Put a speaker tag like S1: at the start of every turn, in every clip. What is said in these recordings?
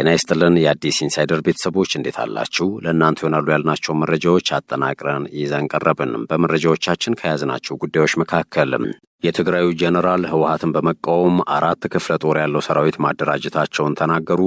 S1: ጤና ይስጥልን የአዲስ ኢንሳይደር ቤተሰቦች እንዴት አላችሁ? ለእናንተ ይሆናሉ ያልናቸው መረጃዎች አጠናቅረን ይዘን ቀረብን። በመረጃዎቻችን ከያዝናቸው ጉዳዮች መካከል የትግራዩ ጀነራል ህወሀትን በመቃወም አራት ክፍለ ጦር ያለው ሰራዊት ማደራጀታቸውን ተናገሩ።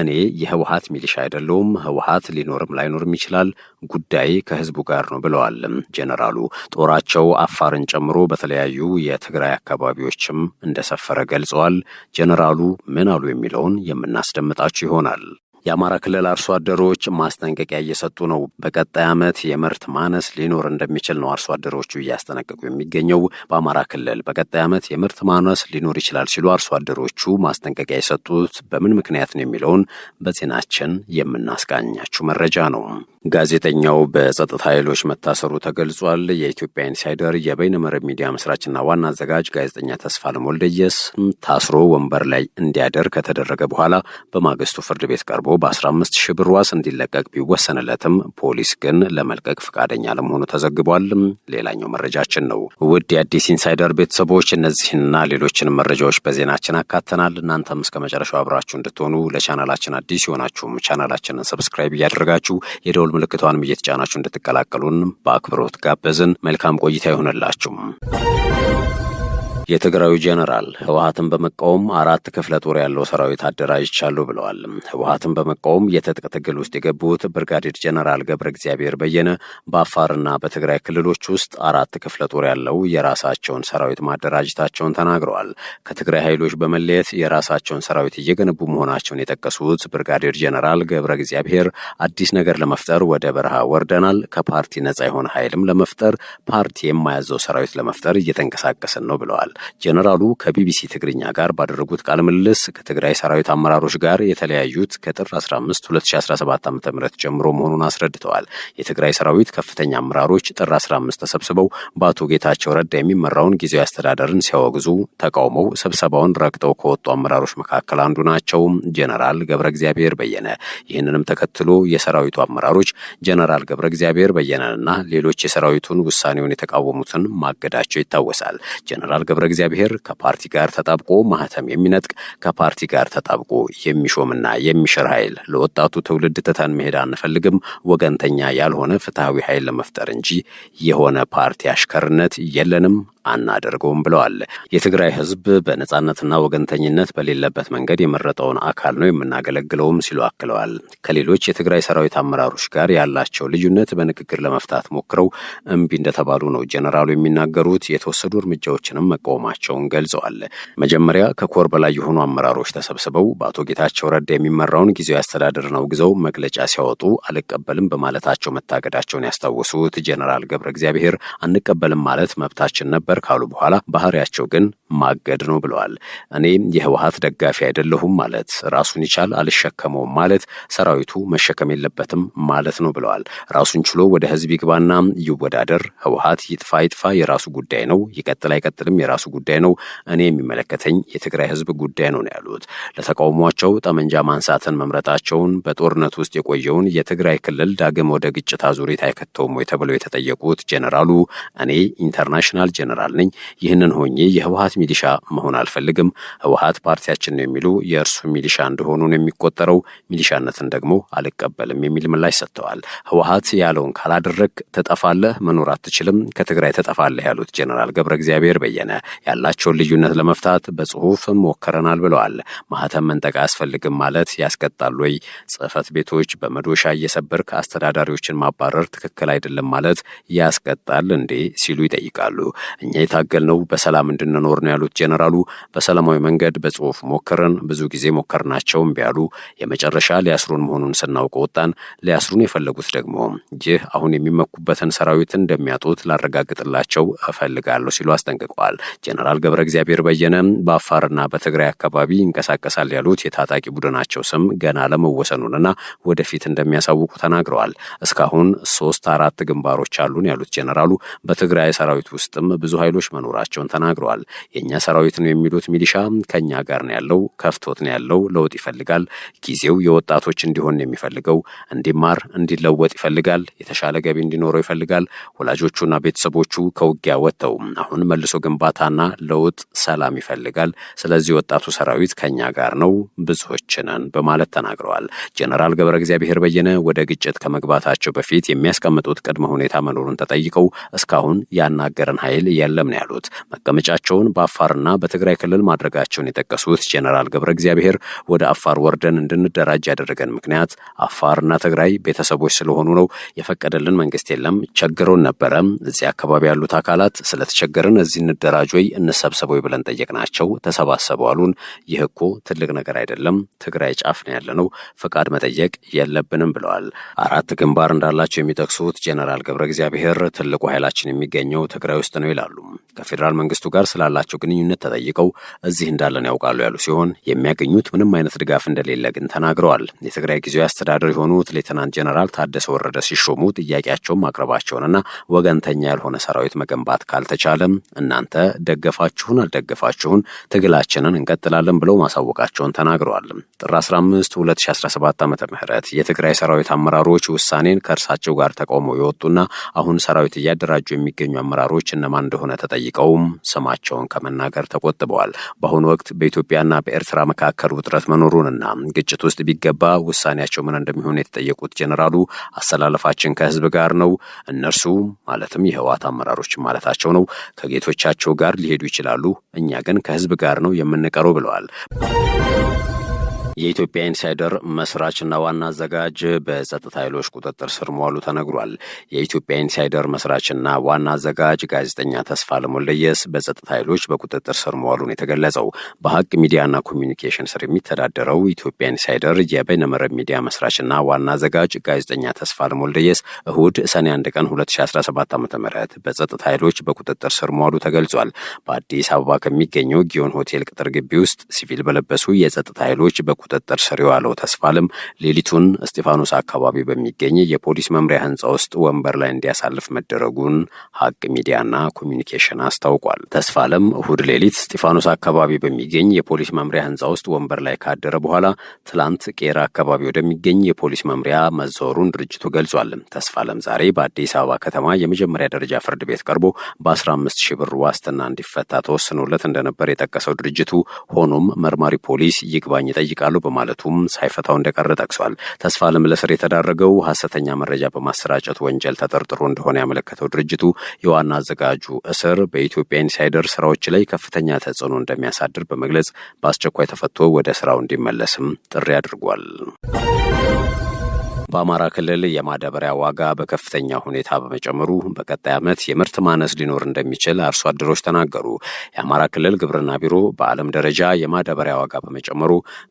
S1: እኔ የህወሀት ሚሊሻ አይደለውም። ህወሀት ሊኖርም ላይኖርም ይችላል። ጉዳይ ከህዝቡ ጋር ነው ብለዋል ጀነራሉ። ጦራቸው አፋርን ጨምሮ በተለያዩ የትግራይ አካባቢዎችም እንደሰፈረ ገልጸዋል። ጀነራሉ ምን አሉ የሚለውን የምናስደምጣችሁ ይሆናል። የአማራ ክልል አርሶ አደሮች ማስጠንቀቂያ እየሰጡ ነው። በቀጣይ ዓመት የምርት ማነስ ሊኖር እንደሚችል ነው አርሶ አደሮቹ እያስጠነቀቁ የሚገኘው። በአማራ ክልል በቀጣይ ዓመት የምርት ማነስ ሊኖር ይችላል ሲሉ አርሶ አደሮቹ ማስጠንቀቂያ የሰጡት በምን ምክንያት ነው የሚለውን በዜናችን የምናስቃኛችሁ መረጃ ነው። ጋዜጠኛው በጸጥታ ኃይሎች መታሰሩ ተገልጿል። የኢትዮጵያ ኢንሳይደር የበይነመረብ ሚዲያ መስራችና ዋና አዘጋጅ ጋዜጠኛ ተስፋለም ወልደየስ ታስሮ ወንበር ላይ እንዲያደር ከተደረገ በኋላ በማግስቱ ፍርድ ቤት ቀርቦ በ15 ሺህ ብር ዋስ እንዲለቀቅ ቢወሰንለትም ፖሊስ ግን ለመልቀቅ ፈቃደኛ ለመሆኑ ተዘግቧል። ሌላኛው መረጃችን ነው። ውድ የአዲስ ኢንሳይደር ቤተሰቦች እነዚህንና ሌሎችንም መረጃዎች በዜናችን አካተናል። እናንተም እስከ መጨረሻው አብራችሁ እንድትሆኑ ለቻናላችን አዲስ የሆናችሁም ቻናላችንን ሰብስክራይብ እያደረጋችሁ የደውል ምልክቷንም እየተጫናችሁ እንድትቀላቀሉን በአክብሮት ጋበዝን። መልካም ቆይታ ይሆንላችሁም። የትግራዩ ጄኔራል ህወሀትን በመቃወም አራት ክፍለ ጦር ያለው ሰራዊት አደራጅቻለሁ ብለዋል። ህወሀትን በመቃወም የትጥቅ ትግል ውስጥ የገቡት ብርጋዴር ጄኔራል ገብረ እግዚአብሔር በየነ በአፋርና በትግራይ ክልሎች ውስጥ አራት ክፍለ ጦር ያለው የራሳቸውን ሰራዊት ማደራጀታቸውን ተናግረዋል። ከትግራይ ኃይሎች በመለየት የራሳቸውን ሰራዊት እየገነቡ መሆናቸውን የጠቀሱት ብርጋዴር ጄኔራል ገብረ እግዚአብሔር አዲስ ነገር ለመፍጠር ወደ በረሃ ወርደናል፣ ከፓርቲ ነጻ የሆነ ኃይልም ለመፍጠር ፓርቲ የማያዘው ሰራዊት ለመፍጠር እየተንቀሳቀስን ነው ብለዋል። ጀነራሉ ከቢቢሲ ትግርኛ ጋር ባደረጉት ቃለ ምልልስ ከትግራይ ሰራዊት አመራሮች ጋር የተለያዩት ከጥር 15 2017 ዓ.ም ጀምሮ መሆኑን አስረድተዋል። የትግራይ ሰራዊት ከፍተኛ አመራሮች ጥር 15 ተሰብስበው በአቶ ጌታቸው ረዳ የሚመራውን ጊዜያዊ አስተዳደርን ሲያወግዙ ተቃውመው ስብሰባውን ረግጠው ከወጡ አመራሮች መካከል አንዱ ናቸው ጀነራል ገብረ እግዚአብሔር በየነ። ይህንንም ተከትሎ የሰራዊቱ አመራሮች ጀነራል ገብረ እግዚአብሔር በየነንና ሌሎች የሰራዊቱን ውሳኔውን የተቃወሙትን ማገዳቸው ይታወሳል። ጀነራል ገብረ ገብረ እግዚአብሔር ከፓርቲ ጋር ተጣብቆ ማህተም የሚነጥቅ ከፓርቲ ጋር ተጣብቆ የሚሾምና የሚሽር ኃይል ለወጣቱ ትውልድ ትተን መሄድ አንፈልግም። ወገንተኛ ያልሆነ ፍትሐዊ ኃይል ለመፍጠር እንጂ የሆነ ፓርቲ አሽከርነት የለንም አናደርገውም ብለዋል። የትግራይ ህዝብ በነጻነትና ወገንተኝነት በሌለበት መንገድ የመረጠውን አካል ነው የምናገለግለውም ሲሉ አክለዋል። ከሌሎች የትግራይ ሰራዊት አመራሮች ጋር ያላቸው ልዩነት በንግግር ለመፍታት ሞክረው እምቢ እንደተባሉ ነው ጀነራሉ የሚናገሩት። የተወሰዱ እርምጃዎችንም መቃወም መቃወማቸውን ገልጸዋል። መጀመሪያ ከኮር በላይ የሆኑ አመራሮች ተሰብስበው በአቶ ጌታቸው ረዳ የሚመራውን ጊዜያዊ ነው ግዘው መግለጫ ሲያወጡ አልቀበልም በማለታቸው መታገዳቸውን ያስታወሱት ጀነራል ገብረ እግዚአብሔር አንቀበልም ማለት መብታችን ነበር ካሉ በኋላ ባህሪያቸው ግን ማገድ ነው ብለዋል። እኔ የህወሀት ደጋፊ አይደለሁም ማለት ራሱን ይቻል አልሸከመውም ማለት ሰራዊቱ መሸከም የለበትም ማለት ነው ብለዋል። ራሱን ችሎ ወደ ህዝብ ይግባና ይወዳደር፣ ህወሀት ይጥፋ ይጥፋ የራሱ ጉዳይ ነው፣ ይቀጥል አይቀጥልም የራሱ ጉዳይ ነው፣ እኔ የሚመለከተኝ የትግራይ ህዝብ ጉዳይ ነው ያሉት። ለተቃውሟቸው ጠመንጃ ማንሳትን መምረጣቸውን በጦርነት ውስጥ የቆየውን የትግራይ ክልል ዳግም ወደ ግጭት አዙሪት አይከተውም ወይ ተብለው የተጠየቁት ጄኔራሉ እኔ ኢንተርናሽናል ጄኔራል ነኝ፣ ይህንን ሆኜ የህወሀት ሚሊሻ መሆን አልፈልግም። ህወሀት ፓርቲያችን ነው የሚሉ የእርሱ ሚሊሻ እንደሆኑ ነው የሚቆጠረው፣ ሚሊሻነትን ደግሞ አልቀበልም የሚል ምላሽ ሰጥተዋል። ህወሀት ያለውን ካላደረግ ትጠፋለህ፣ መኖር አትችልም፣ ከትግራይ ተጠፋለህ ያሉት ጄኔራል ገብረ እግዚአብሔር በየነ ያላቸውን ልዩነት ለመፍታት በጽሁፍ ሞክረናል ብለዋል። ማህተም መንጠቅ አያስፈልግም ማለት ያስቀጣል ወይ? ጽህፈት ቤቶች በመዶሻ እየሰበርክ አስተዳዳሪዎችን ማባረር ትክክል አይደለም ማለት ያስቀጣል እንዴ? ሲሉ ይጠይቃሉ። እኛ የታገልነው በሰላም እንድንኖር ነው ያሉት ጄኔራሉ በሰላማዊ መንገድ በጽሁፍ ሞክረን ብዙ ጊዜ ሞከርናቸው ቢያሉ የመጨረሻ ሊያስሩን መሆኑን ስናውቅ ወጣን። ሊያስሩን የፈለጉት ደግሞ ይህ አሁን የሚመኩበትን ሰራዊት እንደሚያጡት ላረጋግጥላቸው እፈልጋለሁ ሲሉ አስጠንቅቀዋል። ጀነራል ገብረ እግዚአብሔር በየነ በአፋርና በትግራይ አካባቢ ይንቀሳቀሳል ያሉት የታጣቂ ቡድናቸው ስም ገና ለመወሰኑንና ወደፊት እንደሚያሳውቁ ተናግረዋል። እስካሁን ሶስት አራት ግንባሮች አሉን ያሉት ጀነራሉ በትግራይ ሰራዊት ውስጥም ብዙ ኃይሎች መኖራቸውን ተናግረዋል። የእኛ ሰራዊት ነው የሚሉት ሚሊሻ ከእኛ ጋር ነው ያለው፣ ከፍቶት ነው ያለው፣ ለውጥ ይፈልጋል። ጊዜው የወጣቶች እንዲሆን የሚፈልገው እንዲማር፣ እንዲለወጥ ይፈልጋል። የተሻለ ገቢ እንዲኖረው ይፈልጋል። ወላጆቹና ቤተሰቦቹ ከውጊያ ወጥተው አሁን መልሶ ግንባታ ቁጣና ለውጥ ሰላም ይፈልጋል። ስለዚህ ወጣቱ ሰራዊት ከኛ ጋር ነው፣ ብዙዎች ነን በማለት ተናግረዋል። ጀነራል ገብረ እግዚአብሔር በየነ ወደ ግጭት ከመግባታቸው በፊት የሚያስቀምጡት ቅድመ ሁኔታ መኖሩን ተጠይቀው እስካሁን ያናገረን ኃይል የለም ነው ያሉት። መቀመጫቸውን በአፋርና በትግራይ ክልል ማድረጋቸውን የጠቀሱት ጀነራል ገብረ እግዚአብሔር ወደ አፋር ወርደን እንድንደራጅ ያደረገን ምክንያት አፋርና ትግራይ ቤተሰቦች ስለሆኑ ነው። የፈቀደልን መንግስት የለም፣ ቸግሮን ነበረ። እዚህ አካባቢ ያሉት አካላት ስለተቸገርን እዚህ እንደራጁ ወይ እንሰብሰበው ብለን ጠየቅናቸው። ተሰባሰቡ አሉን። ይህ እኮ ትልቅ ነገር አይደለም፣ ትግራይ ጫፍ ነው ያለነው፣ ፈቃድ መጠየቅ የለብንም ብለዋል። አራት ግንባር እንዳላቸው የሚጠቅሱት ጄኔራል ገብረ እግዚአብሔር ትልቁ ኃይላችን የሚገኘው ትግራይ ውስጥ ነው ይላሉ። ከፌዴራል መንግስቱ ጋር ስላላቸው ግንኙነት ተጠይቀው እዚህ እንዳለን ያውቃሉ ያሉ ሲሆን የሚያገኙት ምንም አይነት ድጋፍ እንደሌለ ግን ተናግረዋል። የትግራይ ጊዜያዊ አስተዳደር የሆኑት ሌተናንት ጄኔራል ታደሰ ወረደ ሲሾሙ ጥያቄያቸውን ማቅረባቸውንና ወገንተኛ ያልሆነ ሰራዊት መገንባት ካልተቻለም እናንተ ደገፋችሁን አልደገፋችሁን ትግላችንን እንቀጥላለን ብለው ማሳወቃቸውን ተናግረዋል። ጥር 15 2017 ዓ ም የትግራይ ሰራዊት አመራሮች ውሳኔን ከእርሳቸው ጋር ተቃውመው የወጡና አሁን ሰራዊት እያደራጁ የሚገኙ አመራሮች እነማን እንደሆነ ተጠይቀውም ስማቸውን ከመናገር ተቆጥበዋል። በአሁኑ ወቅት በኢትዮጵያና በኤርትራ መካከል ውጥረት መኖሩንና ግጭት ውስጥ ቢገባ ውሳኔያቸው ምን እንደሚሆን የተጠየቁት ጀኔራሉ አሰላለፋችን ከህዝብ ጋር ነው፣ እነርሱ ማለትም የህወሓት አመራሮች ማለታቸው ነው ከጌቶቻቸው ጋር ሊሄዱ ይችላሉ። እኛ ግን ከህዝብ ጋር ነው የምንቀረው ብለዋል። የኢትዮጵያ ኢንሳይደር መስራችና ዋና አዘጋጅ በጸጥታ ኃይሎች ቁጥጥር ስር መዋሉ ተነግሯል። የኢትዮጵያ ኢንሳይደር መስራችና ዋና አዘጋጅ ጋዜጠኛ ተስፋለም ወልደየስ በጸጥታ ኃይሎች በቁጥጥር ስር መዋሉን የተገለጸው በሀቅ ሚዲያና ኮሚኒኬሽን ስር የሚተዳደረው ኢትዮጵያ ኢንሳይደር የበይነመረብ ሚዲያ መስራችና ዋና አዘጋጅ ጋዜጠኛ ተስፋለም ወልደየስ እሁድ ሰኔ 1 ቀን 2017 ዓ ም በጸጥታ ኃይሎች በቁጥጥር ስር መዋሉ ተገልጿል። በአዲስ አበባ ከሚገኘው ጊዮን ሆቴል ቅጥር ግቢ ውስጥ ሲቪል በለበሱ የጸጥታ ኃይሎች በቁ ቁጥጥር ስር የዋለው ተስፋለም ሌሊቱን እስጢፋኖስ አካባቢ በሚገኝ የፖሊስ መምሪያ ህንፃ ውስጥ ወንበር ላይ እንዲያሳልፍ መደረጉን ሀቅ ሚዲያና ኮሚኒኬሽን አስታውቋል። ተስፋለም እሁድ ሌሊት እስጢፋኖስ አካባቢ በሚገኝ የፖሊስ መምሪያ ህንፃ ውስጥ ወንበር ላይ ካደረ በኋላ ትላንት ቄራ አካባቢ ወደሚገኝ የፖሊስ መምሪያ መዘወሩን ድርጅቱ ገልጿል። ተስፋለም ዛሬ በአዲስ አበባ ከተማ የመጀመሪያ ደረጃ ፍርድ ቤት ቀርቦ በ15 ሺህ ብር ዋስትና እንዲፈታ ተወስኖለት እንደነበር የጠቀሰው ድርጅቱ ሆኖም መርማሪ ፖሊስ ይግባኝ ይጠይቃሉ እችላለሁ በማለቱም ሳይፈታው እንደቀረ ጠቅሷል። ተስፋ አለም ለእስር የተዳረገው ሐሰተኛ መረጃ በማሰራጨት ወንጀል ተጠርጥሮ እንደሆነ ያመለከተው ድርጅቱ የዋና አዘጋጁ እስር በኢትዮጵያ ኢንሳይደር ስራዎች ላይ ከፍተኛ ተጽዕኖ እንደሚያሳድር በመግለጽ በአስቸኳይ ተፈቶ ወደ ስራው እንዲመለስም ጥሪ አድርጓል። በአማራ ክልል የማዳበሪያ ዋጋ በከፍተኛ ሁኔታ በመጨመሩ በቀጣይ ዓመት የምርት ማነስ ሊኖር እንደሚችል አርሶ አደሮች ተናገሩ። የአማራ ክልል ግብርና ቢሮ በዓለም ደረጃ የማዳበሪያ ዋጋ በመጨመሩ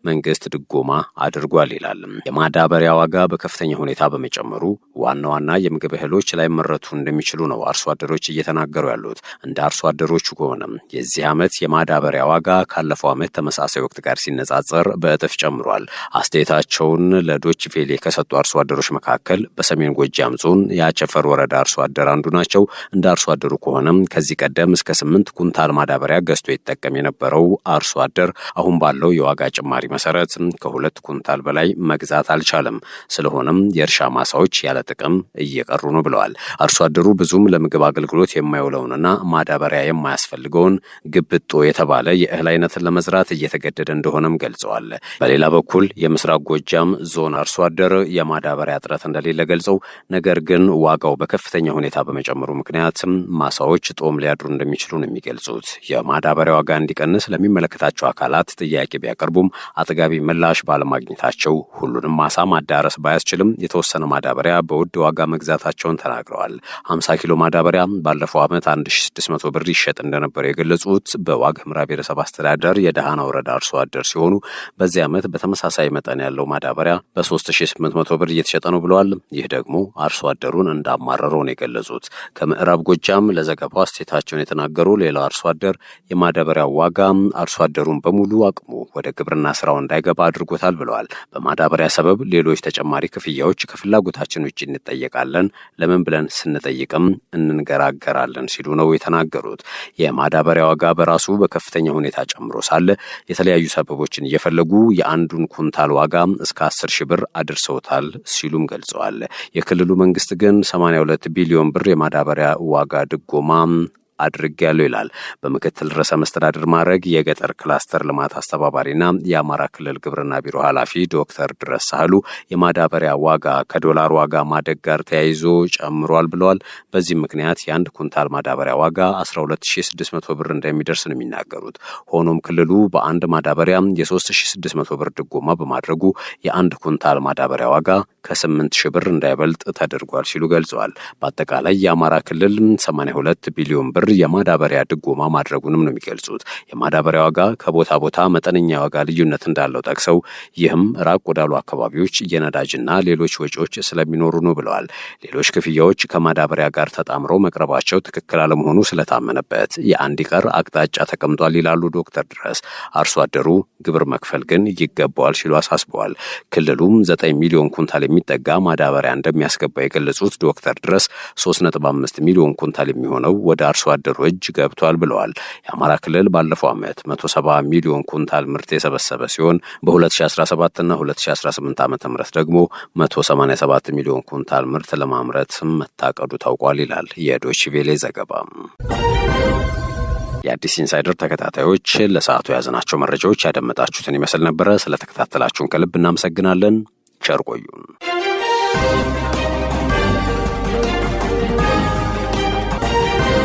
S1: መንግስት ድጎማ አድርጓል ይላል። የማዳበሪያ ዋጋ በከፍተኛ ሁኔታ በመጨመሩ ዋና ዋና የምግብ እህሎች ላይመረቱ እንደሚችሉ ነው አርሶ አደሮች እየተናገሩ ያሉት። እንደ አርሶ አደሮቹ ከሆነም የዚህ ዓመት የማዳበሪያ ዋጋ ካለፈው ዓመት ተመሳሳይ ወቅት ጋር ሲነጻጸር በእጥፍ ጨምሯል። አስተያየታቸውን ለዶች ቬሌ ከሰጡ አርሶ አርሶ አደሮች መካከል በሰሜን ጎጃም ዞን የአቸፈር ወረዳ አርሶ አደር አንዱ ናቸው። እንደ አርሶ አደሩ ከሆነም ከዚህ ቀደም እስከ ስምንት ኩንታል ማዳበሪያ ገዝቶ ይጠቀም የነበረው አርሶ አደር አሁን ባለው የዋጋ ጭማሪ መሰረት ከሁለት ኩንታል በላይ መግዛት አልቻለም። ስለሆነም የእርሻ ማሳዎች ያለ ጥቅም እየቀሩ ነው ብለዋል። አርሶ አደሩ ብዙም ለምግብ አገልግሎት የማይውለውንና ማዳበሪያ የማያስፈልገውን ግብጦ የተባለ የእህል አይነትን ለመዝራት እየተገደደ እንደሆነም ገልጸዋል። በሌላ በኩል የምስራቅ ጎጃም ዞን አርሶ አደር የማ የማዳበሪያ እጥረት እንደሌለ ገልጸው ነገር ግን ዋጋው በከፍተኛ ሁኔታ በመጨመሩ ምክንያትም ማሳዎች ጦም ሊያድሩ እንደሚችሉ ነው የሚገልጹት። የማዳበሪያ ዋጋ እንዲቀንስ ለሚመለከታቸው አካላት ጥያቄ ቢያቀርቡም አጥጋቢ ምላሽ ባለማግኘታቸው ሁሉንም ማሳ ማዳረስ ባያስችልም የተወሰነ ማዳበሪያ በውድ ዋጋ መግዛታቸውን ተናግረዋል። 50 ኪሎ ማዳበሪያ ባለፈው ዓመት 1600 ብር ይሸጥ እንደነበረ የገለጹት በዋግ ምራ ብሔረሰብ አስተዳደር የደሃና ወረዳ አርሶ አደር ሲሆኑ በዚህ ዓመት በተመሳሳይ መጠን ያለው ማዳበሪያ በ3800 ብር ብር እየተሸጠ ነው ብለዋል። ይህ ደግሞ አርሶ አደሩን እንዳማረረው ነው የገለጹት። ከምዕራብ ጎጃም ለዘገባው አስተያየታቸውን የተናገሩ ሌላው አርሶ አደር የማዳበሪያ ዋጋ አርሶ አደሩን በሙሉ አቅሙ ወደ ግብርና ስራው እንዳይገባ አድርጎታል ብለዋል። በማዳበሪያ ሰበብ ሌሎች ተጨማሪ ክፍያዎች ከፍላጎታችን ውጭ እንጠየቃለን። ለምን ብለን ስንጠይቅም እንንገራገራለን ሲሉ ነው የተናገሩት። የማዳበሪያ ዋጋ በራሱ በከፍተኛ ሁኔታ ጨምሮ ሳለ የተለያዩ ሰበቦችን እየፈለጉ የአንዱን ኩንታል ዋጋ እስከ አስር ሺህ ብር አድርሰውታል ሲሉም ገልጸዋል። የክልሉ መንግስት ግን 82 ቢሊዮን ብር የማዳበሪያ ዋጋ ድጎማ አድርጌያለሁ ይላል። በምክትል ርዕሰ መስተዳድር ማድረግ የገጠር ክላስተር ልማት አስተባባሪና የአማራ ክልል ግብርና ቢሮ ኃላፊ ዶክተር ድረስ ሳህሉ የማዳበሪያ ዋጋ ከዶላር ዋጋ ማደግ ጋር ተያይዞ ጨምሯል ብለዋል። በዚህ ምክንያት የአንድ ኩንታል ማዳበሪያ ዋጋ 12600 ብር እንደሚደርስ ነው የሚናገሩት። ሆኖም ክልሉ በአንድ ማዳበሪያ የ3600 ብር ድጎማ በማድረጉ የአንድ ኩንታል ማዳበሪያ ዋጋ ከ8 ሺህ ብር እንዳይበልጥ ተደርጓል ሲሉ ገልጸዋል። በአጠቃላይ የአማራ ክልል 82 ቢሊዮን ብር የማዳበሪያ ድጎማ ማድረጉንም ነው የሚገልጹት። የማዳበሪያ ዋጋ ከቦታ ቦታ መጠነኛ ዋጋ ልዩነት እንዳለው ጠቅሰው ይህም ራቅ ወዳሉ አካባቢዎች የነዳጅና ሌሎች ወጪዎች ስለሚኖሩ ነው ብለዋል። ሌሎች ክፍያዎች ከማዳበሪያ ጋር ተጣምረው መቅረባቸው ትክክል አለመሆኑ ስለታመነበት የአንድ ቀር አቅጣጫ ተቀምጧል ይላሉ ዶክተር ድረስ። አርሶ አደሩ ግብር መክፈል ግን ይገባዋል ሲሉ አሳስበዋል። ክልሉም 9 ሚሊዮን ኩንታል የሚጠጋ ማዳበሪያ እንደሚያስገባ የገለጹት ዶክተር ድረስ 3.5 ሚሊዮን ኩንታል የሚሆነው ወደ አርሶ አደሩ እጅ ገብቷል ብለዋል። የአማራ ክልል ባለፈው ዓመት 170 ሚሊዮን ኩንታል ምርት የሰበሰበ ሲሆን በ2017 ና 2018 ዓ ም ደግሞ 187 ሚሊዮን ኩንታል ምርት ለማምረት መታቀዱ ታውቋል ይላል የዶች ቬሌ ዘገባ። የአዲስ ኢንሳይደር ተከታታዮች ለሰዓቱ የያዝናቸው መረጃዎች ያደመጣችሁትን ይመስል ነበረ። ስለተከታተላችሁን ከልብ እናመሰግናለን። ቸር ቆዩ።